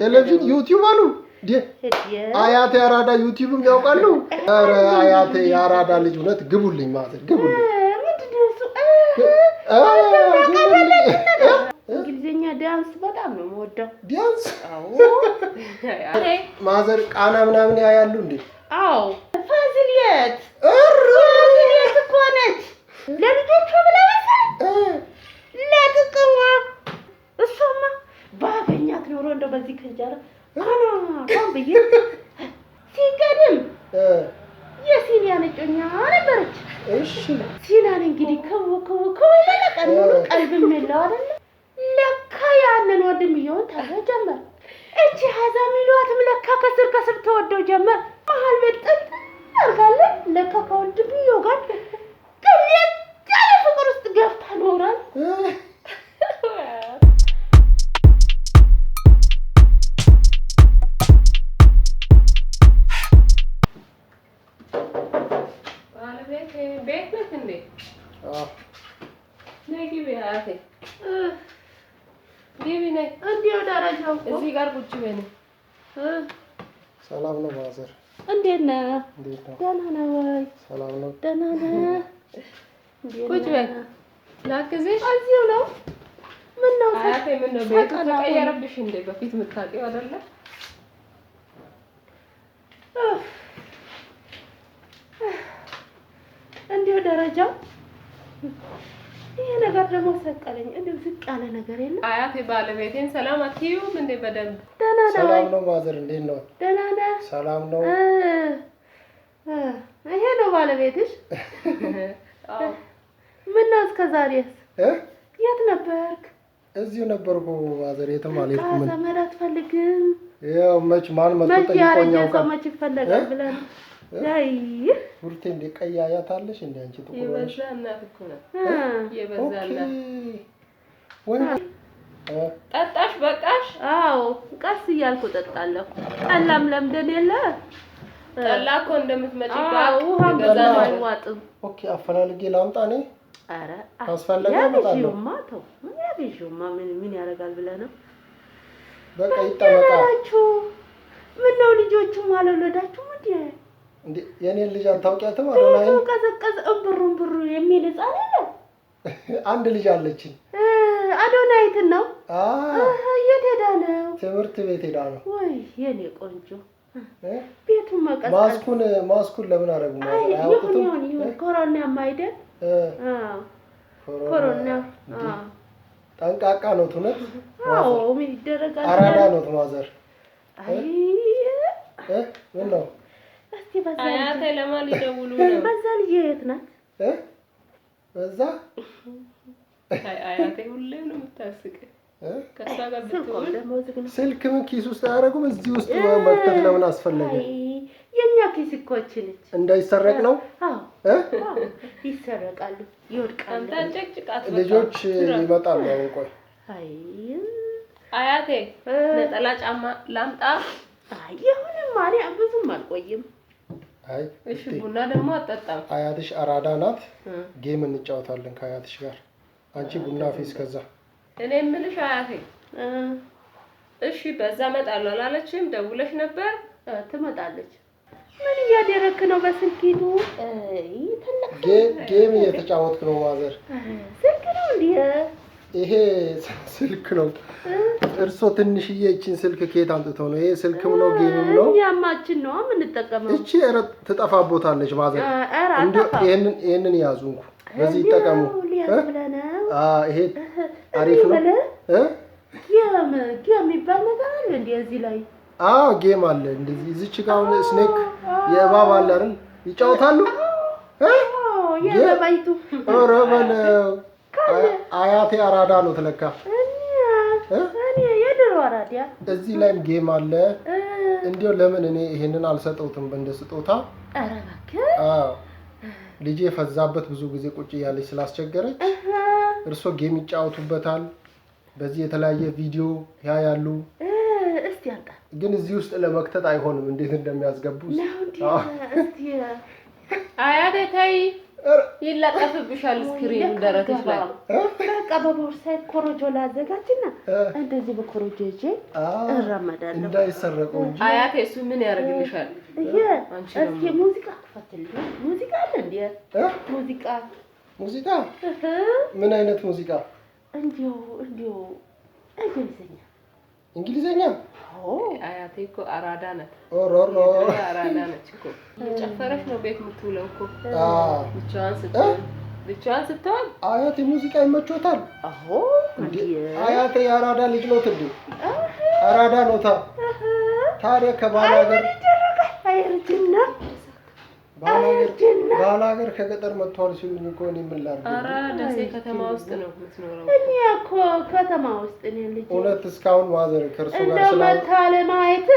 ቴሌቪዥን ዩቲዩብ አሉ። አያቴ አራዳ ዩቲዩብም ያውቃሉ። ኧረ አያቴ የአራዳ ልጅ እውነት ግቡልኝ ማለት ግቡልኝ። እንግሊዝኛ ዳንስ በጣም ነው የምወደው። ዳንስ ማዘር ቃና ምናምን ያያሉ እንዴ? አዎ ፋዝልየት ፋሲሊየት እኮ ነች ለልጆቿ ብላ መሰለኝ ለጥቅሟ እሷማ ባገኛት ኖሮ እንደው በዚህ ከንጀራ ማና ቋም ብዬ ሲቀድም የሲኒያ ነጮኛ ነበረች። እሺ ሲናን እንግዲህ ከው ከው ከው ለቀን ቀልብም የለው አይደለ? ለካ ያንን ወንድምየውን ታዲያ ጀመር። እቺ ሀዛ ሚሏትም ለካ ከስር ከስር ተወደው ጀመር። መሀል መጠጥ አርጋለ ለካ ከወንድምየው ጋር ቅሌት ያለ ፍቅር ውስጥ ገብታ ኖራል። ነው። እዚህ ጋር ቁጭ በል። ሰላም ነው ባዘር፣ እንዴት ነህ? ደህና ነህ ወይ? ሰላም ነው። ደህና ነህ? ቁጭ በል። ላግዝሽ። እዚሁ ነው። ምን ነው አያቴ፣ ምን ነው ቤቱ ተቀየረብሽ እንዴ? በፊት የምታውቂው አይደለ? እንዲሁ ደረጃው ይሄ ነገር ደግሞ ሰቀለኝ። እንደው ዝቅ ያለ ነገር የለም። አያቴ ባለቤቴን ሰላም አትይውም እንዴ? በደንብ ደህና ነው። ሰላም ነው ማዘር፣ እንዴት ነው? ደህና ነህ? ሰላም ነው። ይሄ ነው ባለቤትሽ? ምን ነው እስከ ዛሬስ የት ነበርክ? እዚሁ ነበርኩ ማዘር፣ የትም አልሄድኩም። ዘመድ አትፈልግም? ያው መች ማን መጥቶ ጠይቆኛው? መች ያረጀ መች ይፈለጋል ብለህ ነው ቡርቴ እንደ ቀይ አያት አለሽ እንደ አንቺ ጠጣሽ በቃሽ? አዎ ቀስ እያልኩ ጠጣለሁ። ጠላም ለምደን የለ ጠላ እኮ እንደምትመጪ አፈላልጌ ላምጣ እኔ። ምን ምን ያደርጋል ብለህ ነው? በቃ ይጠመቃችሁ። ምነው ልጆቹም አልወለዳችሁም እንዴ? የእኔን ልጅ አታውቂያትም? አዶናይን ቀዘቀዘ እምብሩ እምብሩ የሚል ህፃን አለ። አንድ ልጅ አለችኝ። አዶናይትን ነው? የት ሄዳ ነው? ትምህርት ቤት ሄዳ ነው። ወይ የኔ ቆንጆ ቤቱ መቀጠል ማስኩን ማስኩን ለምን አደረጉ? አያውቁትም። ኮሮና ማይደል? ኮሮና ጠንቃቃ ነው። እውነት ይደረጋል። አራዳ ነው ማዘር። አይ ምን ነው በዛ ልጅ የት ናት? በዛ አያቴ ሁሌም ነው የምታስቀኝ። ከእሷ ኪስ ውስጥ አያደርጉም። እዚህ ውስጥ መክተት ለምን አስፈለገ? የኛ ኪስ እኮ ይህች ነች። እንዳይሰረቅ ነው። ይሰረቃሉ፣ ይወድቃሉ። ልጆች ይመጣሉ። አሁን ቆይ አያቴ ነጠላ ጫማ ላምጣ። አይ የሆነማ ብዙም አልቆይም። አይ እሺ፣ ቡና ደግሞ አጠጣም። አያትሽ አራዳ ናት። ጌም እንጫወታለን ከአያትሽ ጋር። አንቺ ቡና ፊስ። ከዛ እኔ የምልሽ አያቴ፣ እሺ በዛ እመጣለሁ አላለችም? ደውለሽ ነበር? ትመጣለች። ምን እያደረክ ነው? በስልኪቱ ጌም እየተጫወትክ ነው ማዘር? ስልክ ነው እንዴ? ይሄ ስልክ ነው። እርሶ ትንሽዬ ይህቺን ስልክ ከየት አምጥተው ነው? ይሄ ስልክም ነው ጌምም ነው። ያማችን ነው የምንጠቀመው። እቺ ትጠፋቦታለች ማዘር። ይሄንን ያዙ እንኩ፣ በዚህ ይጠቀሙ። ይሄ አሪፍ ነው። ጌም ጌም የሚባል ነገር አለ እንዲ እዚህ ላይ አዎ፣ ጌም አለ እንደዚህ። እዚች ጋር አሁን ስኔክ የእባብ አለ አይደል? ይጫወታሉ። ኧረ በለው አያቴ አራዳ ነው ትለካ። እዚህ ላይም ጌም አለ። እንዲሁ ለምን እኔ ይሄንን አልሰጠውትም እንደ ስጦታ? ልጄ የፈዛበት ብዙ ጊዜ ቁጭ እያለች ስላስቸገረች እርሶ ጌም ይጫወቱበታል። በዚህ የተለያየ ቪዲዮ ያ ያሉ ግን እዚህ ውስጥ ለመክተት አይሆንም። እንዴት እንደሚያስገቡ አያቴ ተይ ይለጠፍብሻል ስክሪኑ ደረትሽ ላይ። በቃ በቦርሳ ኮረጆ ላዘጋጅና እንደዚህ በኮሮጆ ይዤ እራመዳለሁ እንዳይሰረቁ እንጂ። አያቴ እሱ ምን ያደርግልሻል? እስኪ ሙዚቃ ክፈትልኝ። ሙዚቃ አለ እንዴ? ሙዚቃ ሙዚቃ ምን አይነት ሙዚቃ? እንዲሁ እንዲሁ እንግሊዝኛ እንግሊዝኛ አያቴ እኮ አራዳ ናት። አራዳ ነች እኮ ጨፈረች ነው ቤት የምትውለው እኮ ብቻዋን ስትሆን ብቻዋን ስትሆን አያቴ ሙዚቃ ይመቾታል። አያቴ የአራዳ ልጅ ነው። ትዱ አራዳ ነው። ታዲያ ከባለ ሀገር ባላገር ከገጠር መጥተዋል ሲሉኝ እኮ እኔ ምን ላድርግ? ኧረ ደሴ ከተማ ውስጥ ነው የምትኖረው። እኔ እኮ ከተማ ውስጥ እኔ ልጅ እውነት እስካሁን ማዘር ከእርሱ ጋር እንደው መታ ለማየት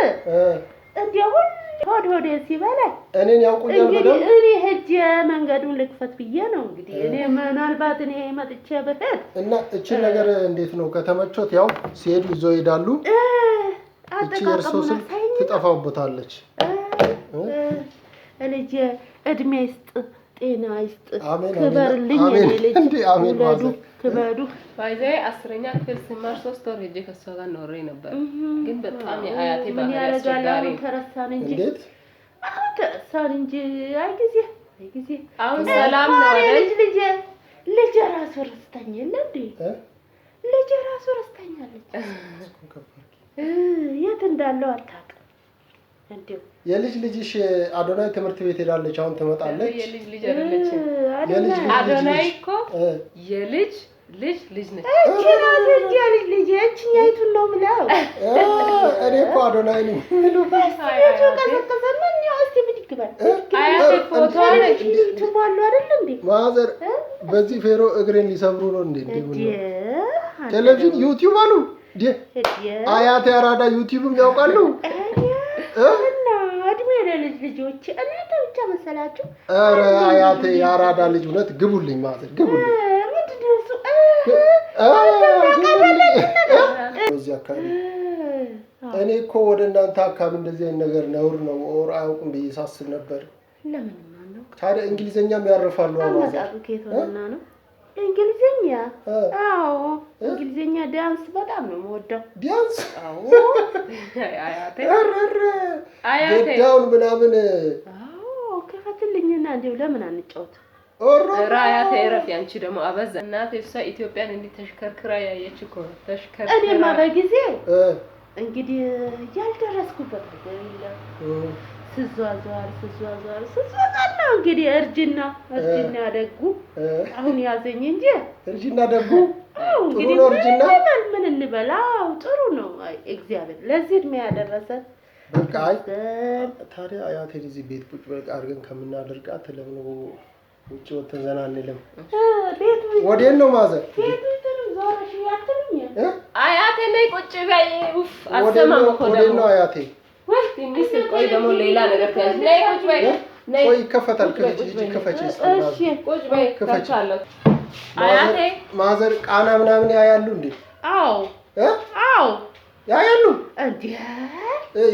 ሁሉ ሆድ ሆዴ ሲበላኝ እኔን ያውቁኛል። እንግዲህ እኔ ሂጅ መንገዱን ልክፈት ብዬ ነው እንግዲህ እኔ ምናልባት እኔ መጥቼ ብሄድ እና እችን ነገር እንዴት ነው ከተመቾት፣ ያው ሲሄዱ ይዞ ይሄዳሉ። እቺ የእርሶ ስልክ ልጄ እድሜ ይስጥ፣ ጤና ይስጥ፣ ክበርልኝ። እኔ ልጅ ውለዱ፣ ክበዱ። ባይዘ አስረኛ ክፍል ስማር ሶስት ወር ሄጄ ከሷ ጋር ኖሬ ነበር። ግን በጣም የአያቴ ባህሪ አስቸጋሪ ተረሳን እንጂ ተረሳን እንጂ አይ ጊዜ አይ ጊዜ አሁን ሰላም ነው ልጅ ልጅ ልጅ ራሱ ረስተኝ የለ እንዴ ልጅ ራሱ ረስተኛለች። የት እንዳለው አታ የልጅ ልጅሽ አዶናይ ትምህርት ቤት ሄዳለች። አሁን ትመጣለች። የልጅ ልጅ አዶናይ እኮ የልጅ ልጅ ልጅ ነች። እቺ የልጅ ልጅ ነው ምለው። እኔ እኮ አዶናይ ብድግ በል አይደል እንዴ ማዘር በዚህ ፌሮ እግሬን ሊሰብሩ ነው እንዴ እንዴ ቴሌቪዥን ዩቲዩብ አሉ አያቴ አራዳ ዩቲዩብም ያውቃሉ እና እድሜ ለልጅ ልጆች እናንተ ብቻ መሰላችሁ? ኧረ አያቴ የአራዳ ልጅ እውነት ግቡልኝ ማለት ግቡልኝ። እኔ እኮ ወደ እናንተ አካባቢ እንደዚህ አይነት ነገር ነውር ነው ኦር አያውቅም ብዬ ሳስብ ነበር። ታዲያ እንግሊዘኛም ያርፋሉ። አማዛ ነው እንግሊዘኛ አዎ፣ እንግሊዘኛ ዳንስ በጣም ነው የምወደው። ዳንስ አዎ፣ ገዳውን ምናምን አዎ፣ ከፈትልኝና እንዲሁ ለምን አንጫወት? አያቴ እረፍ። ያንቺ ደግሞ አበዛ። እናቴ እሷ ኢትዮጵያን እንዲህ ተሽከርክራ ያየች እኮ ተሽከርክራ እኔማ በጊዜው እንግዲህ ያልደረስኩበት ስዟዟር ስዟዟር ስዟዟር ነው እንግዲህ እርጅና እርጅና ደጉ አሁን ያዘኝ እንጂ እርጅና ደጉ እንግዲህ ምን እንበላው ጥሩ ነው። እግዚአብሔር ለዚህ እድሜ ያደረሰ በቃ። አይ ታዲያ አያቴን እዚህ ቤት ቁጭ በቃ አድርገን ከምናደርጋት ለምን ውጭ ወተን ዘና አንልም? ወዴት ነው ማዘር? አያቴ ነይ ቁጭ በይ። አሰማም እኮ ደግሞ ነው አያቴ ቆይ ደግሞ ሌላ ነገር ቆይ ይከፈታል። ማዘር ቃና ምናምን ያያሉ እንዴ? አዎ አዎ ያያሉ እንዴ?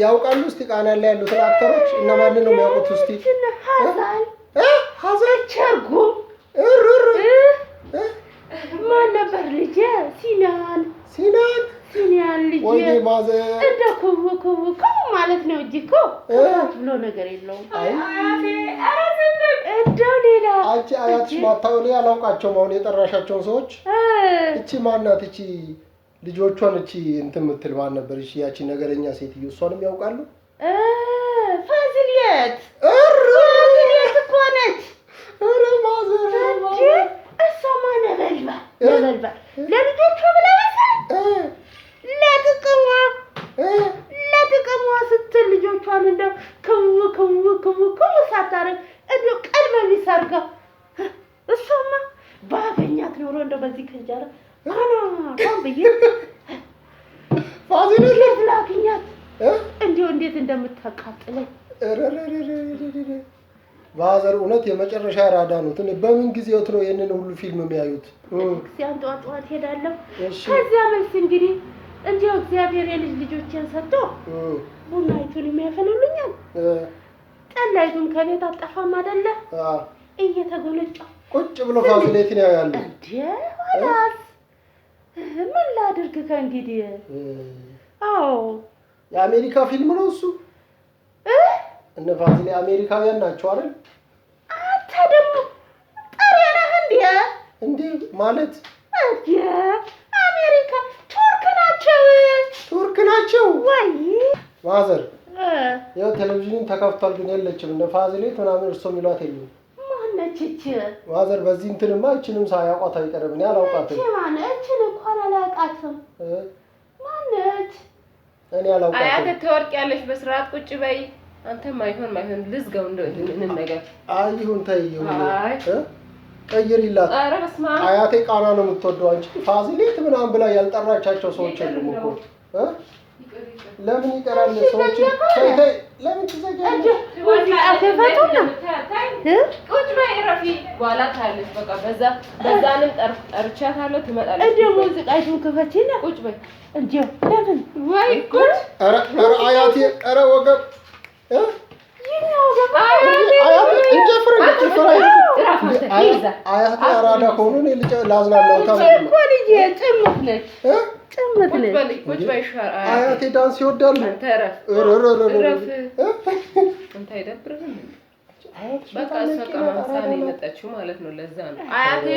ያውቃሉ። እስቲ ቃና ላይ ያሉትን አክተሮች እና ነው የሚያውቁት? እስቲ ሀዘን ቸርጉ ማን ነበር ልጄ? ሲናን ሲናን ማለት ነው እንጂ እኮ ብሎ ነገር የለውም። እንደው ሌላ አንቺ አያትሽ ማታው እኔ አላውቃቸውም። አሁን የጠራሻቸውን ሰዎች እቺ ማናት? እቺ ልጆቿን እቺ እንትን የምትል ማን ነበር? እቺ ያቺ ነገረኛ ሴትዮ እሷንም ያውቃሉ። እኮ ነች። ማዘር እሷ ነበልባል ለልጆቿ ብላ እውነት የመጨረሻ ራዳ ነው። በምን ጊዜዎት ነው ይህንን ሁሉ ፊልም የሚያዩት? ክርስቲያን ጠዋት ጠዋት ሄዳለሁ። ከዚያ መልስ እንግዲህ እንዲያው እግዚአብሔር የልጅ ልጆችን ሰጥቶ ቡናይቱን የሚያፈሉልኛል፣ ጠላይቱም ከቤት አጠፋም አደለ እየተጎነጫ ቁጭ ብሎ ነው ያለ ኋላስ ምን ላድርግ ከእንግዲህ? አዎ የአሜሪካ ፊልም ነው እሱ። እነ ፋሲሌ አሜሪካውያን ናቸው አይደል? አንተ ደግሞ ጠሪያ ነህ እንዴ? እንዴ ማለት አሜሪካ ቱርክ ናቸው፣ ቱርክ ናቸው። ወይ ማዘር ያው ቴሌቪዥን ተከፍቷል፣ ግን የለችም እንደ ፋዚሌት ምናምን እርሶ የሚሏት የለም። ማነችች ማዘር በዚህ እንትንማ እችንም ሳያውቋት አይቀርም። እኔ አላውቃትም። ማነችን እንኳን አላውቃትም። ማነች? እኔ አላውቃትም። አያት ተወርቅ ያለች በስርዓት ቁጭ በይ አንተ ማይሆን ማይሆን ልዝጋው ነገር አይሁን ታይ ይሁን ቀይሪላት። ኧረ አያቴ ቃና ነው የምትወደው አንቺ ፋሲሌት ምናምን ብላ ያልጠራቻቸው ሰዎች አሉ እኮ ለምን ይቀራል ሰዎች ታይ ታይ ለምን ትዘጋለህ? ቁጭ በይ ረፊ በኋላ ታያለች። በቃ በዛ በዛንም ጠርቻታለሁ ትመጣለች። እንደው ሙዚቃሽን ክፈቺና ቁጭ በይ። እንደው ለምን ወይ ጉድ! ኧረ አያቴ ኧረ ወገብ አያቴ አራዳ ከሆኑ አያቴ ዳንስ ይወዳሉ። የመጣችው ማለት ነው። ለዛ ነው አያቴ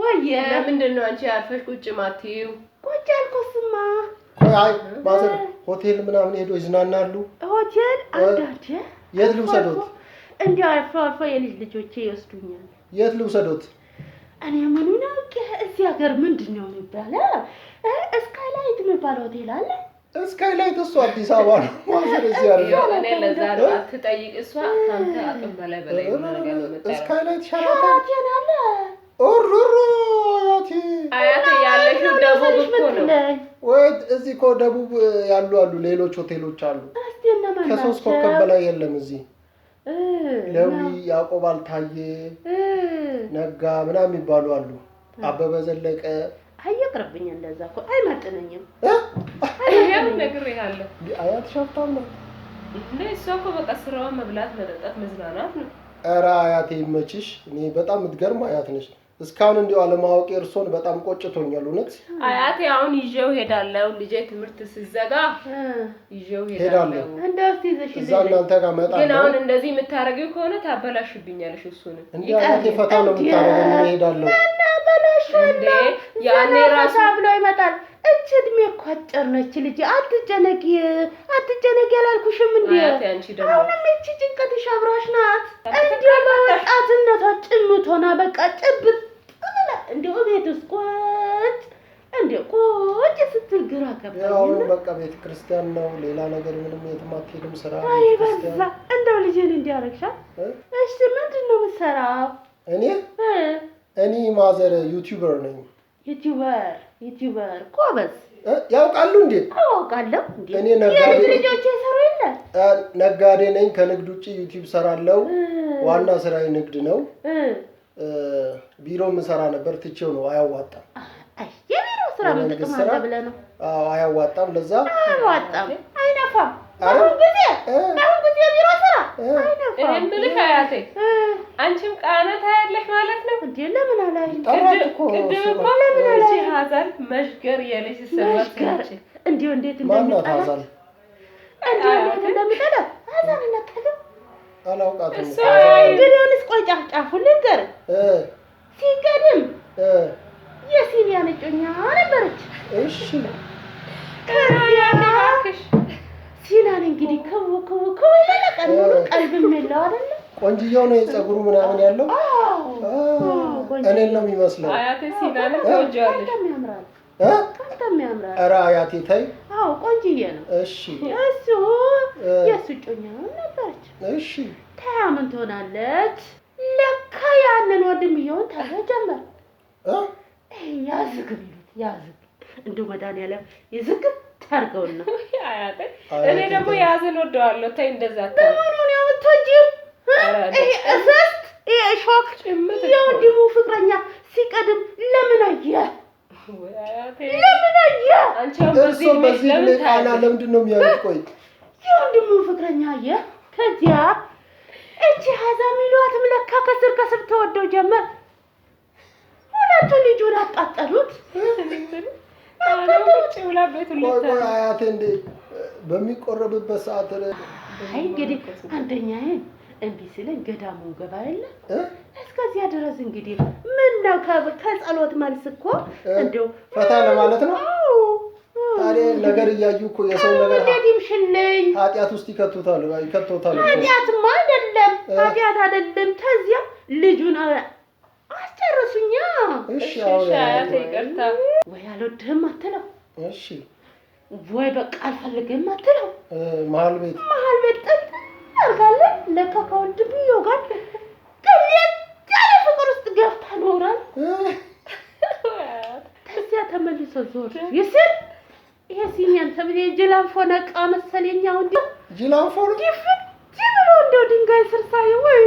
ወይዬ፣ ምንድን ነው አንቺ አርፈሽ ቁጭ ማትይው? ቁጭ አልኩስማ አይ ማዘር ሆቴል ምናምን ሄዶ ይዝናናሉ። ሆቴል አንዳንዴ የት ልውሰዶት? እንዲያው አልፎ አልፎ የልጅ ልጆቼ ይወስዱኛል። የት ልውሰዶት? እኔ ምኑን አውቄ። እዚህ ሀገር ምንድን ነው የሚባለው? እስካይላይት የሚባል ሆቴል አለ። እስካይላይት እሱ አዲስ አበባ ነው ማዘር። እዚህ ያለ አትጠይቅ። እሷ ከአንተ አቅም በላይ በላይ እስካይላይት ሸራተን አለ ሩሩ አያቴ አያቴ ያለሽው ደቡብ እኮ ነው ወይ እዚህ እኮ ደቡብ ያሉ አሉ፣ ሌሎች ሆቴሎች አሉ። ከሶስት ኮከብ በላይ የለም እዚህ ለዊ ያዕቆብ አልታየ ነጋ ምናምን የሚባሉ አሉ። አበበ ዘለቀ አየቅርብኝ እንደዛ እኮ አይመጥነኝም። ነግሬሃለሁ። አያት ሀብታም ነው። እሷ እኮ በቃ ስራዋ መብላት፣ መጠጣት፣ መዝናናት ነው። ኧረ አያቴ ይመችሽ። እኔ በጣም የምትገርም አያት ነሽ። እስካሁን እንዲሁ አለማወቅ እርሶን በጣም ቆጭቶኛል። እውነት አያቴ አሁን ይዤው ሄዳለሁ። ልጄ ትምህርት ሲዘጋ ይዤው ሄዳለሁ። እዛ እናንተ ጋር መጣ። ግን አሁን እንደዚህ የምታደርጊው ከሆነ ታበላሽብኛለሽ። እሱን እንዲ አያቴ ፈታ ነው የምታደርገው። ሄዳለሁ ያኔ ራሱ ብሎ ይመጣል። እች እድሜ እኮ አጭር ነች። ልጄ አትጨነቂ አትጨነቂ አላልኩሽም? እንዲ አሁንም እቺ ጭንቀትሽ አብራሽ ናት። እንዲ በወጣትነቷ ጭምት ሆና በቃ ጭብት እንዲሁ ቤት ውስጥ ቁጭ እንዲ ቁጭ ስትል ግራ ገባኝ። በቃ ቤተ ክርስቲያን ነው ሌላ ነገር ምንም የትም አትሄድም። ስራ በዛ እንደው ልጅን እንዲያረግሻ። እሺ ምንድን ነው የምትሰራው? እኔ እኔ ማዘር ዩቲዩበር ነኝ። ዩቲዩበር ዩቲዩበር ጎበዝ ያውቃሉ እንዴ? አውቃለሁ። እኔ ልጆች የሰሩ የለ ነጋዴ ነኝ። ከንግድ ውጭ ዩቲዩብ ሰራለው። ዋና ስራዬ ንግድ ነው። ቢሮ ምሰራ ነበር ትቼው ነው። አያዋጣም። የቢሮ ስራ ምን ጥቅም አለ ብለህ ነው? አዎ አያዋጣም። ለዛ አያዋጣም፣ አይነፋም። አሁን ጊዜ አሁን ጊዜ ቢሮ ስራ አይነፋም። እኔ የምልህ አያቴ አንቺም ቃና ታያለሽ ማለት ነው እንዴ? ለምን አላይ ቅድም እኮ ለምን አላይ ሀዛል መሽገር የልጅ ስራ መሽገር እንዴው እንዴት እንደሚጣላ እንዴ? እንዴት እንደሚጣላ አላውቃትም። እንግዲያውንስ ቆይ ጫፍ ጫፉን ነገር ሲቀድም የሲሊያን እጮኛ ነበረች። እሺ ሲላን እንግዲህ ከው ከው ከው ይለቀን ቀልብ የሚለው አይደለ? ቆንጅየው ነው የፀጉሩ ምናምን ያለው እኔ ነው የሚመስለው። አያቴ ሲላን ቆንጆአለሽ ኧረ አያቴ ተይ። አዎ ቆንጅዬ ነው። እሺ እሱ የእሱ እጮኛ ነበረች። እሺ ታያ ምን ትሆናለች? ለካ ያንን ወንድምየውን ታያ ጀመር ያዝግ ይሉት ያዝግ እንዲሁ መድኃኒዓለም ታርገውና እኔ ደግሞ ያዝን ወደዋለሁ። ተይ እንደዛ ሾክ የወንድሙ ፍቅረኛ ሲቀድም ለምን አየ ለምን አየ ለምንድን ነው የወንድሙ ፍቅረኛ አየ ከዚያ እቺ ሀዛ ሚሏትም ለካ ከስር ከስር ተወደው ጀመር። ሁለቱ ልጁን አቃጠሉት። አያቴ በሚቆረብበት ሰዓት አይ እንግዲህ አንደኛ እንቢ ስለኝ ገዳሙ ገባ የለ እስከዚያ ድረስ እንግዲህ ምን ነው ከጸሎት መልስ እኮ እንደው ፈታ ለማለት ነው። ታዲያ ነገር እያዩ እኮ የሰው ነገር ኃጢአት ውስጥ ይከቱታል ይከቱታል። ኃጢአትማ አይደለም ኃጢአት አይደለም። ከዚያ ልጁን አስጨረሱኛ እሺ ይቅርታ ወይ አልወድህም አትለው። እሺ ወይ በቃ አልፈልግም አትለው። መሀል ቤት መሀል ቤት ጠጥ አርጋለ ለካ ከወንድምየው ጋር ቅሌት ፍቅር ውስጥ ገብታ ኖራል። ከዚያ ተመልሶ ዞር ይስል ይሄ ሲኛን ተብዬ ጅላንፎ ነቃ መሰለኝ። አሁን ጅላንፎ ነው ጅብሎ እንደው ድንጋይ ስር ሳይ ወይ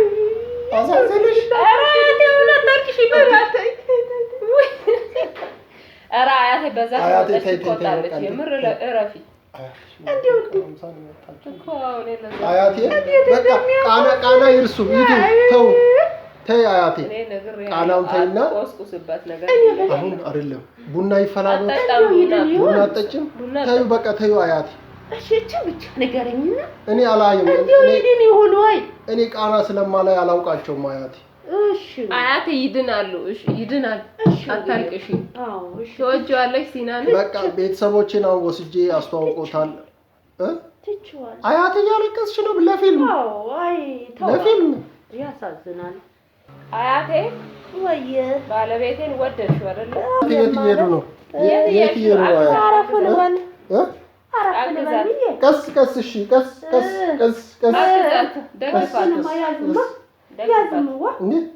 አያቴ በዛ ትቆጣለች። ቃና አያቴ፣ አሁን አይደለም ቡና ይፈላል። ቡና በቃ ተዩ አያቴ እሺ ብቻ ንገረኝና እኔ አላየሁም። እንዲሁ ይሆን ወይ እኔ ቃና ስለማላይ አላውቃቸውም። አያቴ እሺ፣ አያቴ ይድናሉ። እሺ፣ ይድናል። አታልቅሽ። አዎ፣ እሺ፣ ትወጂዋለሽ ሲናን። በቃ ቤተሰቦቼን አሁን ወስጄ አስተዋውቆታል። አያቴ እያለቀስሽ ነው። ለፊልም ለፊልም ያሳዝናል። አያቴ ወይ ባለቤቴን ወደድሽው አይደል? የት እየሄዱ ነው? የት እየሄዱ ነው? አረፉ ልበል ቀስ ቀስ እሺ፣ ቀስ ቀስ ቀስ ቀስ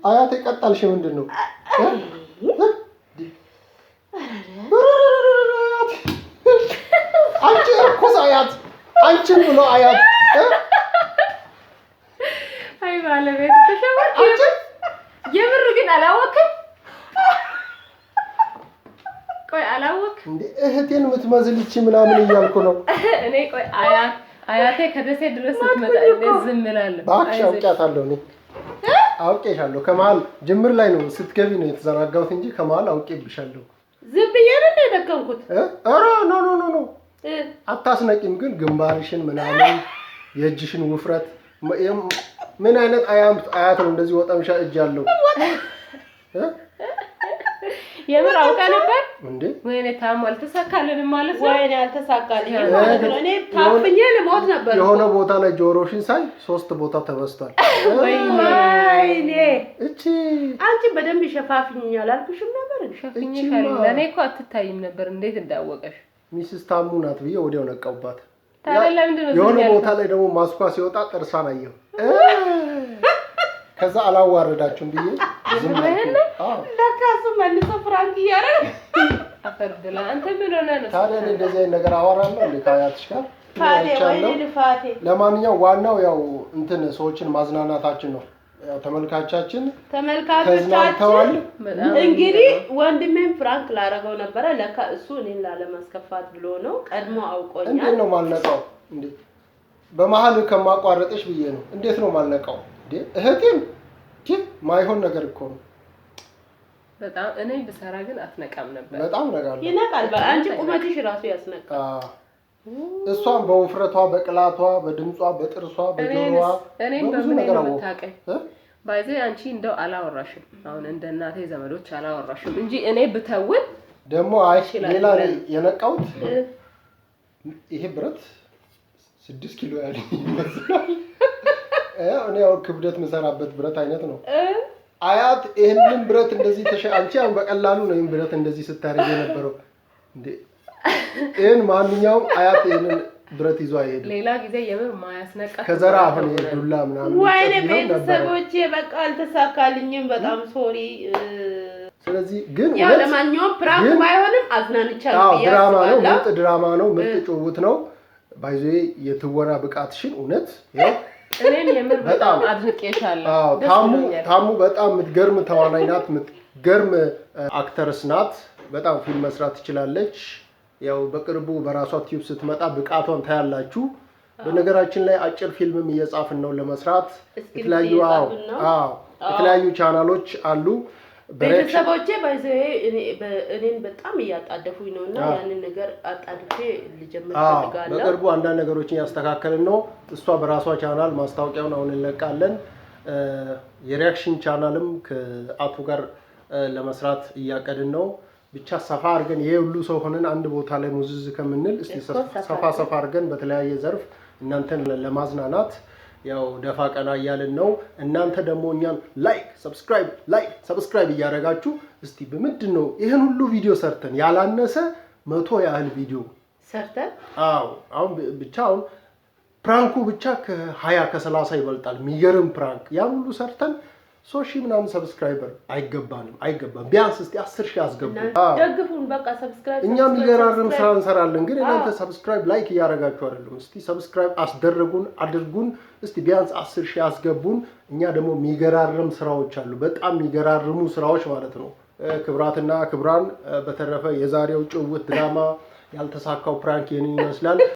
አያቴ ቀጣልሽ ምንድን ነው? አንቺ እርኩስ አያት፣ አንቺን ብሎ አያት። አይ ባለቤት የምር ግን አላወቅም አላወቅ እንዴ? እህቴን የምትመዝልች ምናምን እያልኩ ነው እኔ። ቆይ አያ አያቴ ከደሴ ድረስ ስትመጣ ዝም እላለሁ። እባክሽ አውቄያታለሁ እኔ አውቄሻለሁ። ከመሀል ጅምር ላይ ነው ስትገቢ ነው የተዘናጋሁት እንጂ ከመሀል አውቄብሻለሁ። ዝም ብዬ ነው የደከምኩት። ኧረ ኖ ኖ ኖ ኖ አታስነቂም። ግን ግንባርሽን ምናምን የእጅሽን ውፍረት ምን አይነት አያምት አያት ነው እንደዚህ ወጠምሻ እጅ አለው። የምር አውቀ ነበር እንዴ ወይኔ የሆነ ቦታ ላይ ጆሮሽን ሳይ ሶስት ቦታ ተበስቷል። ወይኔ እቺ አንቺ በደንብ ይሸፋፍኛል አልኩሽም ነበር። ሸፍኝ ካሪ እኮ አትታይም ነበር። እንዴት እንዳወቀሽ? ሚስስ ታሙ ናት ብዬ ወዲያው ነቀውባት። ታዲያ ለምንድን የሆነ ቦታ ላይ ደግሞ ማስኳ ሲወጣ ጥርሷን አየሁ። ከዛ አላዋረዳችሁም ብዬ ዝም ለካሱ መልሶ ፍራንክ እያደረግ አፈርድላ አንተ ነው ታዲያ? እኔ እንደዚህ አይነት ነገር አወራለሁ እ ከአያትሽ ጋር ለማንኛውም ዋናው ያው እንትን ሰዎችን ማዝናናታችን ነው። ያው ተመልካቻችን ተመልካቾቻችን እንግዲህ ወንድሜን ፍራንክ ላደረገው ነበረ። ለካ እሱ እኔን ላለማስከፋት ብሎ ነው ቀድሞ አውቆኛል። እንዴት ነው ማልነቃው? እንዴ በመሀል ከማቋረጥሽ ብዬ ነው። እንዴት ነው ማልነቃው? እህቴም ግን ማይሆን ነገር እኮ ነው። በጣም እኔ ብሰራ ግን አትነቃም ነበር። በጣም ነቃለሁ። ይነቃል። አንቺ ቁመትሽ ራሱ ያስነቃል። እሷም በውፍረቷ፣ በቅላቷ፣ በድምጿ፣ በጥርሷ፣ በጆሮዋ እኔም በምን ነገር አወቀኝ። ባይዘ አንቺ እንደው አላወራሽም፣ አሁን እንደ እናቴ ዘመዶች አላወራሽም እንጂ እኔ ብተውን ደግሞ አይ ሌላ የነቃውት ይሄ ብረት ስድስት ኪሎ ያለ ይመስላል ያው ክብደት የምሰራበት ብረት አይነት ነው። አያት ይህንን ብረት እንደዚህ ተሸ አንቺ አሁን በቀላሉ ነው ይህን ብረት እንደዚህ ስታደርግ የነበረው እንዴ? ይህን ማንኛውም አያት ይህንን ብረት ይዞ አይሄድም። ሌላ ጊዜ የምር ማያስነቃ ከዘራ አሁን ዱላ ምናምን ወይኔ፣ ቤተሰቦቼ በቃ አልተሳካልኝም። በጣም ሶሪ። ስለዚህ ግን ያው ለማንኛውም ፕራንክ ባይሆንም አዝናንቻለሁ። ድራማ ነው፣ ምርጥ ድራማ ነው፣ ምርጥ ጭውውት ነው። ባይዞ የትወና ብቃትሽን እውነት እኔም የምር በጣም አድንቄሻለሁ። ታሙ ታሙ በጣም የምትገርም ተዋናይ ናት፣ የምትገርም አክተርስ ናት። በጣም ፊልም መስራት ትችላለች። ያው በቅርቡ በራሷ ቲዩብ ስትመጣ ብቃቷን ታያላችሁ። በነገራችን ላይ አጭር ፊልምም እየጻፍን ነው ለመስራት የተለያዩ የተለያዩ ቻናሎች አሉ። ቤተሰቦቼ ባይዘ እኔን በጣም እያጣደፉኝ ነው እና ያንን ነገር አጣድፌ ልጀምር ፈልጋለሁ። በቅርቡ አንዳንድ ነገሮችን ያስተካከልን ነው። እሷ በራሷ ቻናል ማስታወቂያውን አሁን እንለቃለን። የሪያክሽን ቻናልም ከአቶ ጋር ለመስራት እያቀድን ነው። ብቻ ሰፋ አድርገን ይሄ ሁሉ ሰው ሆነን አንድ ቦታ ላይ ሙዝዝ ከምንል እስኪ ሰፋ ሰፋ አድርገን በተለያየ ዘርፍ እናንተን ለማዝናናት ያው ደፋ ቀና እያልን ነው። እናንተ ደግሞ እኛን ላይክ ሰብስክራይብ፣ ላይክ ሰብስክራይብ እያደረጋችሁ እስቲ በምንድን ነው ይህን ሁሉ ቪዲዮ ሰርተን ያላነሰ መቶ ያህል ቪዲዮ ሰርተን አዎ፣ አሁን ብቻ አሁን ፕራንኩ ብቻ ከሀያ ከሰላሳ ይበልጣል። የሚገርም ፕራንክ ያን ሁሉ ሰርተን ሶሺ ምናምን ሰብስክራይበር አይገባንም፣ አይገባም። ቢያንስ እስኪ አስር ሺህ አስገቡ፣ ደግፉን። በቃ ሰብስክራይብ እኛም ይገራርም ስራ እንሰራለን። ግን እናንተ ሰብስክራይብ ላይክ እያደረጋችሁ አይደለም። እስቲ ሰብስክራይብ አስደረጉን፣ አድርጉን። እስቲ ቢያንስ አስር ሺህ አስገቡን። እኛ ደግሞ የሚገራርም ስራዎች አሉ፣ በጣም የሚገራርሙ ስራዎች ማለት ነው። ክብራትና ክብራን፣ በተረፈ የዛሬው ጭውት ድራማ ያልተሳካው ፕራንክ ይህንን ይመስላል።